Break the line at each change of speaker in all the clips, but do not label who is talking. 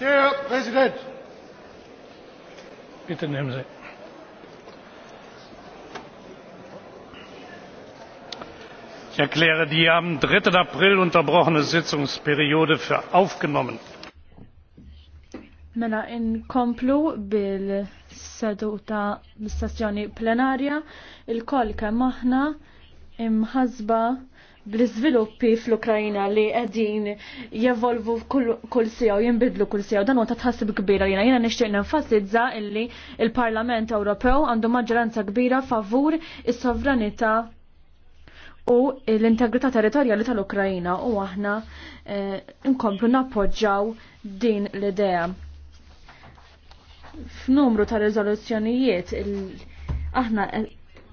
Herr Präsident!
Bitte nehmen
Ich erkläre die am 3. April unterbrochene Sitzungsperiode für aufgenommen.
Mela komplu bil-seduta l-istazzjoni plenarja, il-kol kemm aħna imħasba bl-izviluppi fl-Ukrajina li għedin jevolvu kull sija u jimbidlu kull sija u dan ta' tħassib kbira jina jina nishtiq nenfasizza illi il-Parlament Ewropew għandu maġġoranza kbira favur is-sovranità u l-integrità territorjali tal-Ukrajina u aħna eh, nkomplu nappoġġaw din l-idea. F'numru ta' riżoluzzjonijiet aħna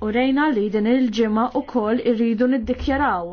u rejna li din il-ġimma u irridu niddikjaraw